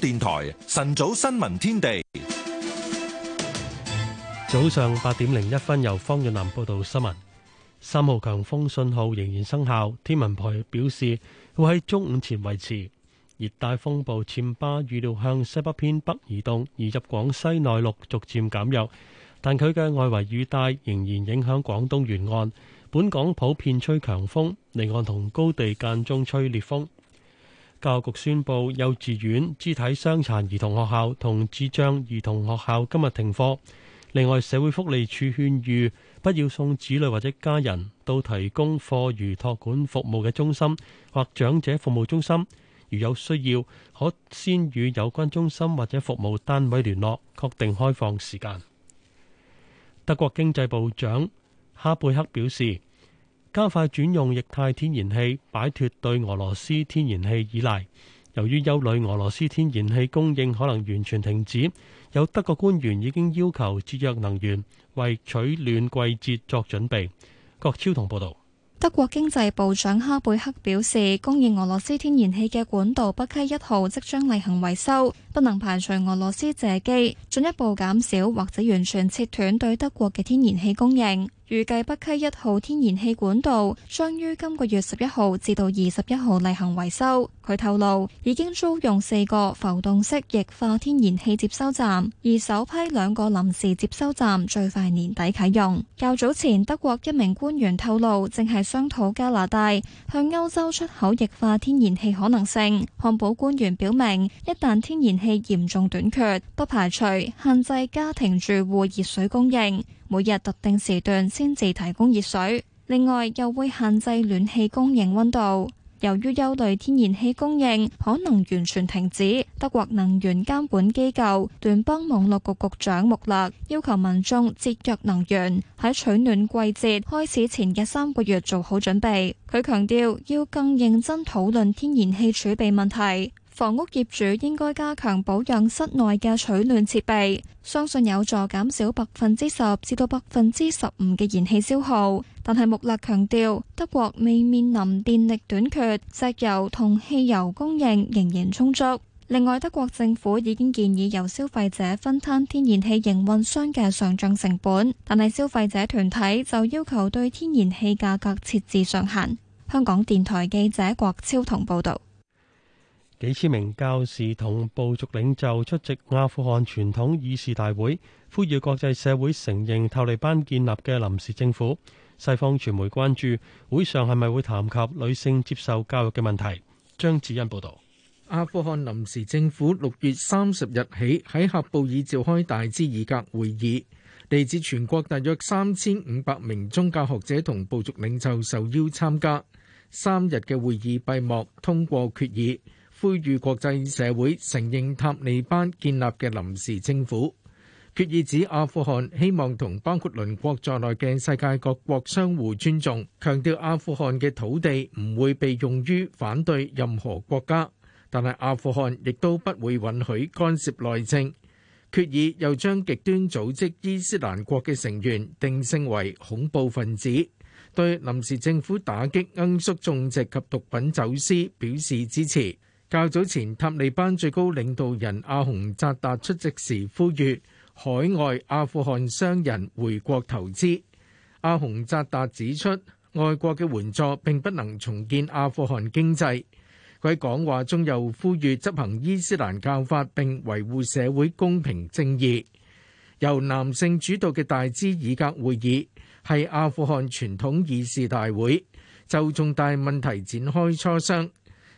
電台晨早新聞天地，早上八點零一分由方潤南報道新聞。三號強風信號仍然生效，天文台表示會喺中午前維持。熱帶風暴暹巴預料向西北偏北移動，移入廣西內陸逐漸減弱，但佢嘅外圍雨帶仍然影響廣東沿岸。本港普遍吹強風，離岸同高地間中吹烈風。教育局宣布，幼稚園、肢體傷殘兒童學校同智障兒童學校今日停課。另外，社會福利處勸喻不要送子女或者家人到提供課餘託管服務嘅中心或長者服務中心，如有需要，可先與有關中心或者服務單位聯絡，確定開放時間。德國經濟部長哈貝克表示。加快轉用液態天然氣，擺脱對俄羅斯天然氣依賴。由於憂慮俄羅斯天然氣供應可能完全停止，有德國官員已經要求節約能源，為取暖季節作準備。郭超同報導。德國經濟部長哈貝克表示，供應俄羅斯天然氣嘅管道北溪一號即將例行維修，不能排除俄羅斯藉機進一步減少或者完全切斷對德國嘅天然氣供應。預計北溪一號天然氣管道將於今個月十一號至到二十一號例行維修。佢透露已經租用四個浮動式液化天然氣接收站，而首批兩個臨時接收站最快年底啟用。較早前，德國一名官員透露正係商討加拿大向歐洲出口液化天然氣可能性。漢堡官員表明，一旦天然氣嚴重短缺，不排除限制家庭住戶熱水供應，每日特定時段先至提供熱水，另外又會限制暖氣供應溫度。由於憂慮天然氣供應可能完全停止，德國能源監管機構聯邦網絡局局長穆勒要求民眾節約能源，喺取暖季節開始前嘅三個月做好準備。佢強調要更認真討論天然氣儲備問題。房屋業主應該加強保養室內嘅取暖設備，相信有助減少百分之十至到百分之十五嘅燃氣消耗。但係穆勒強調，德國未面臨電力短缺，石油同汽油供應仍然充足。另外，德國政府已經建議由消費者分攤天然氣營運商嘅上漲成本，但係消費者團體就要求對天然氣價格設置上限。香港電台記者郭超同報道。幾千名教士同部族領袖出席阿富汗傳統議事大會，呼籲國際社會承認塔利班建立嘅臨時政府。西方傳媒關注會上係咪會談及女性接受教育嘅問題。張子欣報導。阿富汗臨時政府六月三十日起喺喀布爾召開大支爾格會議，嚟自全國大約三千五百名宗教學者同部族領袖受邀參加。三日嘅會議閉幕，通過決議。呼籲國際社會承認塔利班建立嘅臨時政府，決議指阿富汗希望同包括鄰國在內嘅世界各國相互尊重，強調阿富汗嘅土地唔會被用於反對任何國家，但係阿富汗亦都不會允許干涉內政。決議又將極端組織伊斯蘭國嘅成員定性為恐怖分子，對臨時政府打擊罌粟種植及毒品走私表示支持。較早前塔利班最高領導人阿洪扎達出席時呼籲海外阿富汗商人回國投資。阿洪扎達指出，外國嘅援助並不能重建阿富汗經濟。佢喺講話中又呼籲執行伊斯蘭教法並維護社會公平正義。由男性主導嘅大支爾格會議係阿富汗傳統議事大會，就重大問題展開磋商。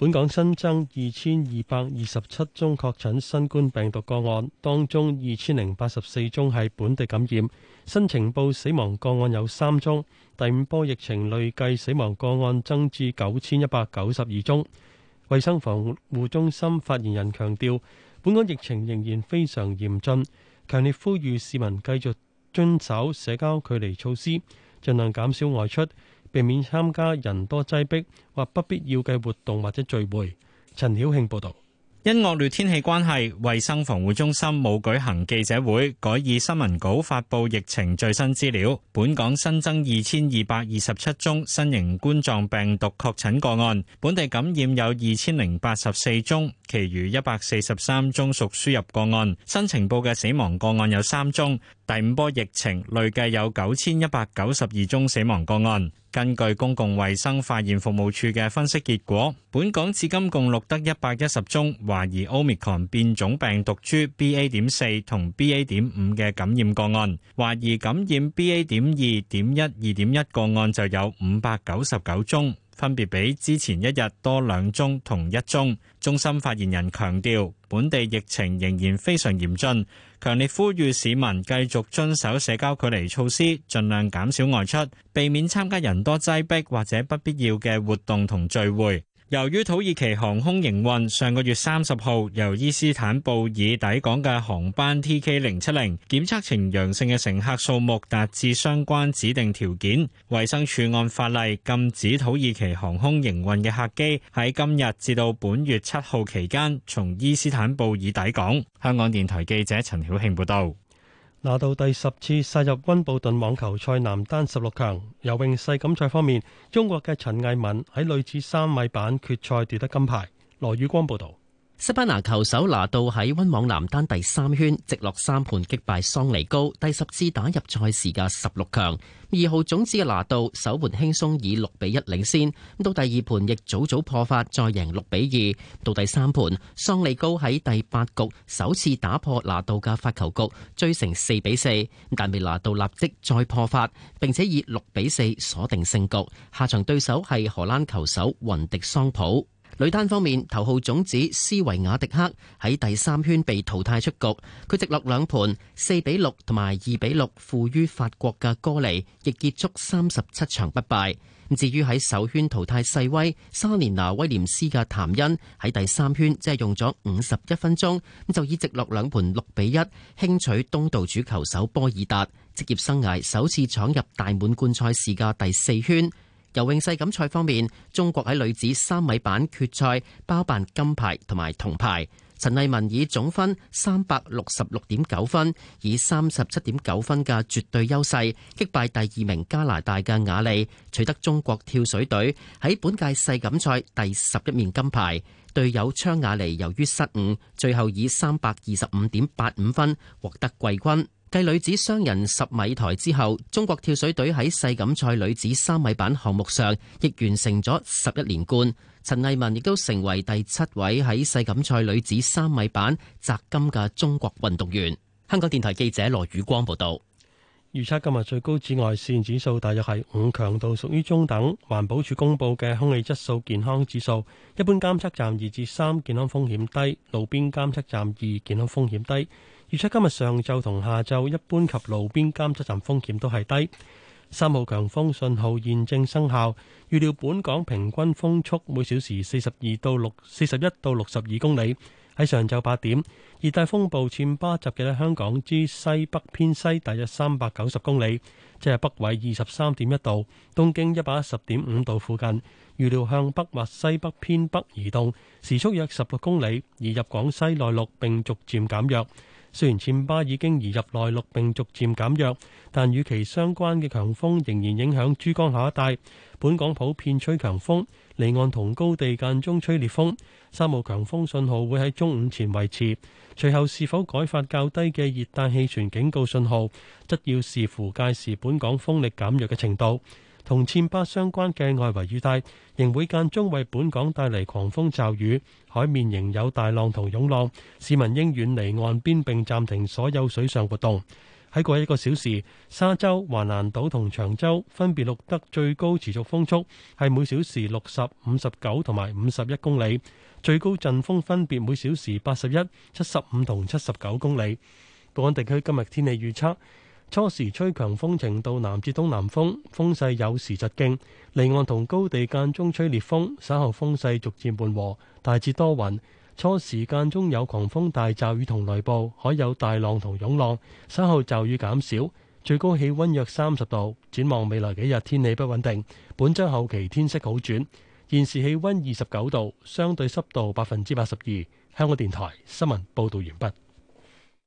本港新增二千二百二十七宗確診新冠病毒個案，當中二千零八十四宗係本地感染。新呈報死亡個案有三宗，第五波疫情累計死亡個案增至九千一百九十二宗。衛生防護中心發言人強調，本港疫情仍然非常嚴峻，強烈呼籲市民繼續遵守社交距離措施，盡量減少外出。避免參加人多擠迫或不必要嘅活動或者聚會。陳曉慶報導，因惡劣天氣關係，衞生防護中心冇舉行記者會，改以新聞稿發布疫情最新資料。本港新增二千二百二十七宗新型冠狀病毒確診個案，本地感染有二千零八十四宗，其餘一百四十三宗屬輸入個案。新情報嘅死亡個案有三宗。第五波疫情累計有九千一百九十二宗死亡個案。根據公共衞生化驗服務處嘅分析結果，本港至今共錄得一百一十宗懷疑 Omicron 變種病毒株 BA. 點四同 BA. 點五嘅感染個案，懷疑感染 BA. 點二、點一、二點一個案就有五百九十九宗。分別比之前一日多兩宗同一宗。中心發言人強調，本地疫情仍然非常嚴峻，強烈呼籲市民繼續遵守社交距離措施，盡量減少外出，避免參加人多擠迫或者不必要嘅活動同聚會。由於土耳其航空營運上個月三十號由伊斯坦布爾抵港嘅航班 TK 零七零檢測呈陽性嘅乘客數目達至相關指定條件，衛生署按法例禁止土耳其航空營運嘅客機喺今日至到本月七號期間從伊斯坦布爾抵港。香港電台記者陳曉慶報導。拿到第十次殺入溫布頓網球賽男單十六強。游泳世錦賽方面，中國嘅陳藝敏喺女子三米板決賽奪得金牌。羅宇光報道。西班牙球手拿度喺温網男單第三圈直落三盤擊敗桑尼高，第十次打入賽事嘅十六強。二號種子嘅拿度首盤輕鬆以六比一領先，到第二盤亦早早破發，再贏六比二。到第三盤，桑尼高喺第八局首次打破拿度嘅發球局，追成四比四。但未拿度立即再破發，並且以六比四鎖定勝局。下場對手係荷蘭球手雲迪桑普。女單方面，頭號種子斯維亞迪克喺第三圈被淘汰出局，佢直落兩盤四比六同埋二比六負於法國嘅哥尼，亦結束三十七場不敗。至於喺首圈淘汰細威沙蓮娜威廉斯嘅譚恩喺第三圈即，即係用咗五十一分鐘，咁就以直落兩盤六比一輕取東道主球手波爾達，職業生涯首次闖入大滿貫賽事嘅第四圈。游泳世錦賽方面，中國喺女子三米板決賽包辦金牌同埋銅牌。陳麗文以總分三百六十六點九分，以三十七點九分嘅絕對優勢擊敗第二名加拿大嘅雅利，取得中國跳水隊喺本屆世錦賽第十一面金牌。隊友昌雅妮由於失誤，最後以三百二十五點八五分獲得季軍。繼女子雙人十米台之後，中國跳水隊喺世錦賽女子三米板項目上亦完成咗十一連冠。陳藝文亦都成為第七位喺世錦賽女子三米板摘金嘅中國運動員。香港電台記者羅宇光報道。預測今日最高紫外線指數大約係五，強度屬於中等。環保署公佈嘅空氣質素健康指數，一般監測站二至三，健康風險低；路邊監測站二，健康風險低。預測今日上晝同下晝一般及路邊監測站風險都係低。三號強風信號現正生效。預料本港平均風速每小時四十二到六四十一到六十二公里。喺上晝八點熱帶風暴暹芭集結喺香港之西北偏西大約三百九十公里，即係北緯二十三點一度，東經一百一十點五度附近。預料向北或西北偏北移動，時速約十六公里，移入廣西內陸並逐漸減弱。雖然颱巴已經移入內陸並逐漸減弱，但與其相關嘅強風仍然影響珠江口一帶。本港普遍吹強風，離岸同高地間中吹烈風。三號強風信號會喺中午前維持，隨後是否改發較低嘅熱帶氣旋警告信號，則要視乎屆時本港風力減弱嘅程度。同千巴相關嘅外圍雨帶，仍會間中為本港帶嚟狂風驟雨，海面仍有大浪同湧浪，市民應遠離岸邊並暫停所有水上活動。喺過過一個小時，沙洲、華南島同長洲分別錄得最高持續風速係每小時六十五、十九同埋五十一公里，最高陣風分別每小時八十一、七十五同七十九公里。本港地區今日天，天氣預測。初時吹強風程度南至東南風，風勢有時疾勁，離岸同高地間中吹烈風。稍後風勢逐漸緩和，大致多雲。初時間中有狂風大驟雨同雷暴，海有大浪同湧浪。稍後驟雨減少，最高氣温約三十度。展望未來幾日天氣不穩定，本週後期天色好轉。現時氣温二十九度，相對濕度百分之八十二。香港電台新聞報導完畢。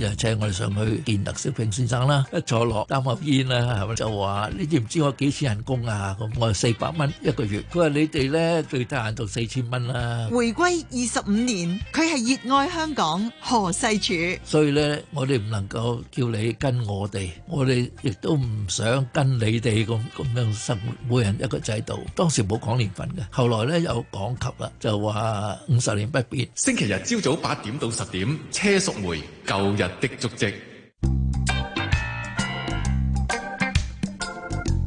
就請我哋上去見鄧小平先生啦，一坐落，吸下煙啦，係咪就話你知唔知我幾錢人工啊？咁我四百蚊一個月，佢話你哋咧最低限度四千蚊啦。回歸二十五年，佢係熱愛香港何世柱，所以咧我哋唔能夠叫你跟我哋，我哋亦都唔想跟你哋咁咁樣生活，每人一個制度。當時冇講年份嘅，後來咧有講及啦，就話五十年不變。星期日朝早八點到十點，車淑梅舊日日的足跡，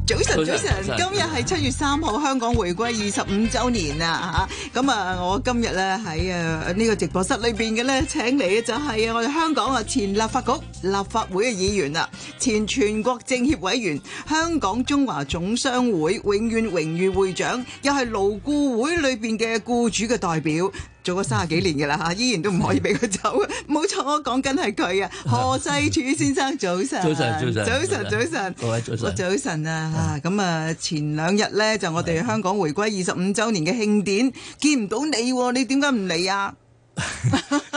早晨，早晨，今日係七月三號，香港回歸二十五週年啊！嚇，咁啊，我今日咧喺啊呢個直播室裏邊嘅咧請嚟嘅就係我哋香港啊前立法局立法會嘅議員啦，前全國政協委員，香港中華總商會永遠榮譽會長，又係勞顧會裏邊嘅雇主嘅代表。做咗三十幾年嘅啦嚇，依然都唔可以俾佢走。冇錯，我講緊係佢啊，何世柱先生，早晨，早晨，早晨，對早晨，早晨，對早晨，各位早晨早晨啊！咁啊，前兩日咧對就我哋香港回歸二十五週年嘅慶典，見唔到你，你點解唔嚟啊？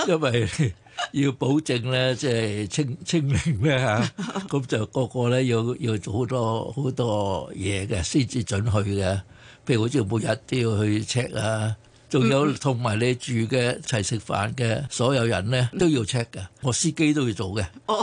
因為要保證咧，即係清清零咧嚇，咁 就個個咧要要做好多好多嘢嘅，先至準去嘅。譬如好似每日都要去 check 啊。仲有同埋你住嘅一齊食飯嘅所有人咧，都要 check 嘅，我司機都要做嘅。咁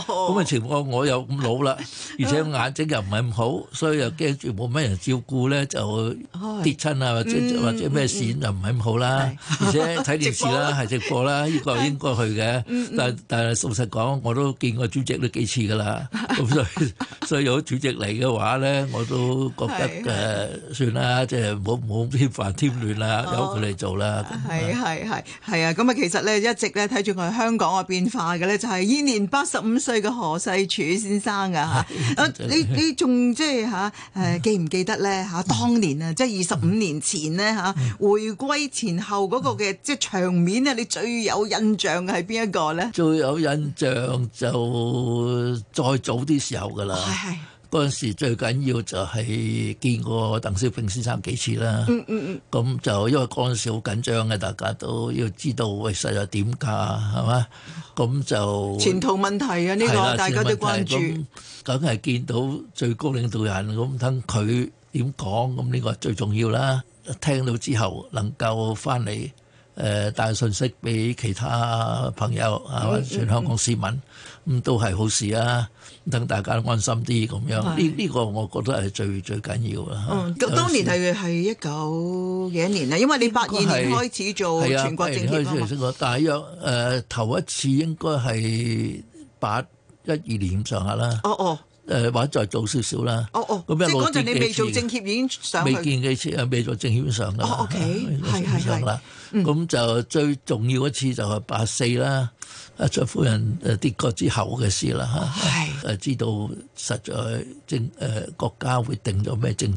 嘅情況，我又咁老啦，而且眼睛又唔係咁好，所以又驚住冇乜人照顧咧，就跌親啊，或者或者咩事又唔係咁好啦。而且睇電視啦，係直播啦，呢個應該去嘅。但但係，實講我都見過主席都幾次㗎啦。咁所以所以有主席嚟嘅話咧，我都覺得誒算啦，即係冇冇添煩添亂啦，由佢嚟做。啦，係係係係啊！咁啊，其實咧一直咧睇住我香港嘅變化嘅咧，就係依年八十五歲嘅何世柱先生啊 你你仲即係嚇誒記唔記得咧嚇？ 當年啊，即係二十五年前咧嚇，回歸前後嗰個嘅即係場面咧， 你最有印象嘅係邊一個咧？最有印象就再早啲時候噶啦。 嗰陣時最緊要就係見過鄧小平先生幾次啦，咁、嗯嗯、就因為嗰陣時好緊張嘅，大家都要知道喂實在點㗎，係嘛？咁就前途問題啊，呢、呢個、啊、大家都關注。梗係見到最高領導人，咁等佢點講，咁呢個最重要啦。聽到之後能夠翻嚟，誒、呃、帶信息俾其他朋友啊，全香港市民。嗯嗯嗯咁都係好事啊！等大家安心啲咁樣，呢呢個我覺得係最最緊要啦。嗯，咁、嗯、當年係係一九幾年啊？因為你八二年開始做全國政協，政協大約誒、呃、頭一次應該係八一二年上下啦、哦。哦哦。誒或者再做少少啦。哦哦，即係嗰陣你未做政協已經上，未見幾次啊？未做政協上啦。o k 係啦。咁就最重要一次就係八四啦。阿卓夫人跌過之後嘅事啦嚇，係唉知道實在政誒、呃、國家會定咗咩政。